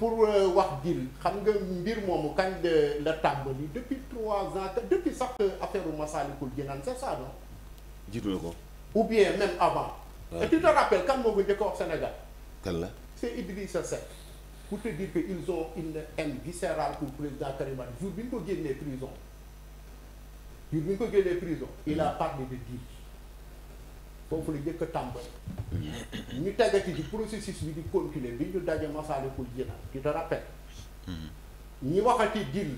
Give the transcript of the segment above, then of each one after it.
pour euh, wax dil xam nga mbir moomu kañ de la tàmbali depuis trois ans depuis sax euh, affaire Massalikul Jinaan c'est ça non. jiitu na ko. ou bien même avant. waaw et tu kan moo ko njëkk a Sénégal. kan la c'est Idrissa Seck. pour te dire que ils ont une haine viscérale pour président Karim Wade bi ñu ko génnee prison jour bi ñu ko génnee prison. il a parlé de deal. foofu la jëkk a tàmbali ñu tegati ci processus bi di continuer bi ñu daje Masaalikul Jinaan tu te rappelles ñi waxati dil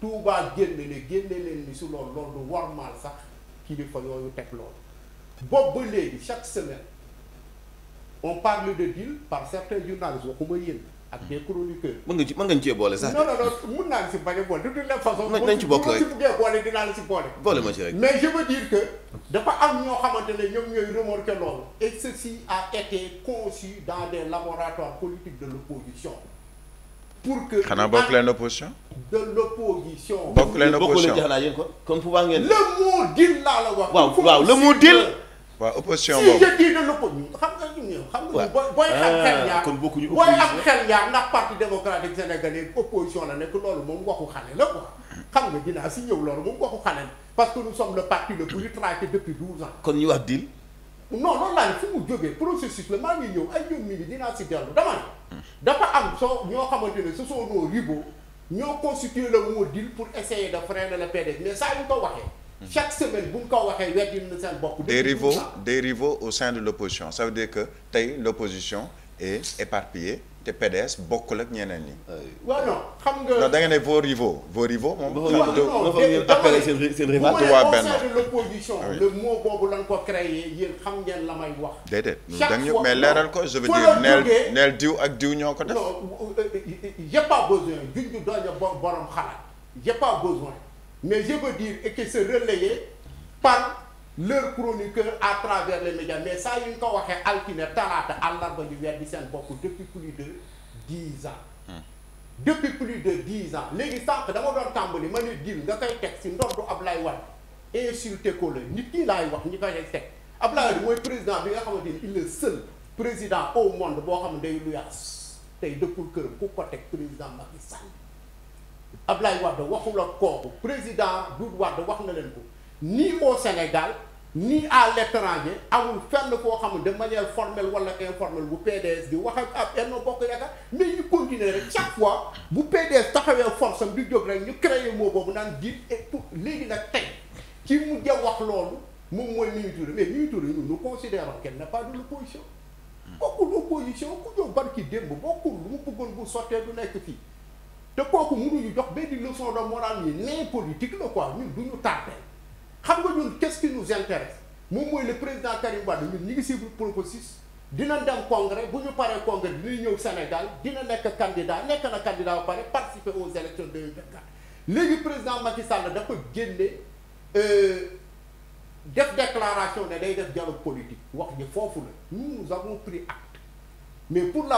Tuubaa génne ne génne leen ni su loolu loolu du warmaal sax kilifa yooyu teg loolu boobu ba léegi chaque semaine on parle de deal par certains journalistes waxuma yéen ak des chroniqueurs. mën nga ci mën nga cee boole sax. non non non mun naa si bañ a boole de toute façon. nañ ci bokk si buggee boole dinaa la si boole. boole ma ci rek. mais je dafa am ñoo xamante ñoom ñooy remorqué loolu. et ceci a été conçu dans des laboratoires politiques de l'opposition pour que. xanaa bokk leen opposition. de ko comme pouvoir ngeen. le mot laa la wax. waaw waaw le mot deal. opposition boobu xam nga booy booy xam xel euh, yaa kon bokkuñu booy am xel yaa ndax parti démocratique sénégalais opposition la nekk loolu moom waxu xale la quoi xam nga dinaa si ñëw loolu moom waxu xale la parce que nous sommes le parti le plus traité depuis 12 ans kon ñu wax deal non loolu laa ne fu mu jógee processus la maa ngi ñëw ay ñoom mi ngi dinaa si dellu dama ne dafa am soo ñoo xamante ne ce sont nos rivaux ñoo constitué le mot deal pour essayer de freiner le PDS mais saa yu ko waxee Mhm. chaque semaine bu ñu ko waxee weddi na seen bopp. rivo rivaux des rivaux au sein de l'opposition ça veut que tey l'opposition est éparpillée te PDS bokkul ak ñeneen ñi. waaw euh, non xam nga. non da nga ne vos rivo vos rivaux. moom xam nga appelé seen seen rival. waa benn de l'opposition. Ah le mot boobu lañ xam ngeen la may wax. déedéet da ñu mais leeral ko je veux dire neel neel diw ak diw ñoo ko def. non j'ai euh, euh, pas besoin juñ ñu doon borom xalaat j'ai pas besoin. mais je veux dire et que se relayer par leur chroniqueur à travers les médias mais saa yu ñu ko waxee altine talaata àllarba ñu weer di seen bopp depuis plus de dix ans hmm. depuis plus de dix ans léegi sànq dama doon tàmbali ma ne dil nga koy teg si ndox du ndoddu Ablaye Wade insulté ko la nit kii laay wax ñi koy teg Ablaye Wade mooy président bi nga xamante ni il est seul président au monde boo xam ne day luyaas tey dëkkul këram ku ko teg président Macky Ablaye Wade waxul ak kooku président Doudou Wade wax na leen ko nii au Sénégal nii à l'étranger amul fenn koo xam ne de manière formelle wala informelle bu PDS di wax ak ab Benno Bokk Yaakaar mais ñu continuer rek chaque fois bu PDS taxawee force am di jóg rek ñu créé moo boobu naan jiit et tout léegi nag tey ci mu ja wax loolu moom mooy Mimi Touré mais Mimi Touré ñun nous considérons qu'elle n'est pas de l'opposition hmm. bokkul opposition ku jóg barki démb bokkul lu mu bëggoon bu sottee du nekk fii te kooku mënuñu jox benn leçon de morale yi ne politique la quoi ñun du ñu tardé xam nga ñun qu'est-ce qui nous intéresse moom mooy le président Karim Wade ñun ñi ngi suivre processus dina dem congrès bu ñu paree congrès dina ñëw Sénégal dina nekk candidat nekk na candidat ba pare participer aux élections 2024 léegi président Macky Sall dafa génne euh, def déclaration ne day def dialogue politique wax ji foofu la nous nous avons pris acte mais pour la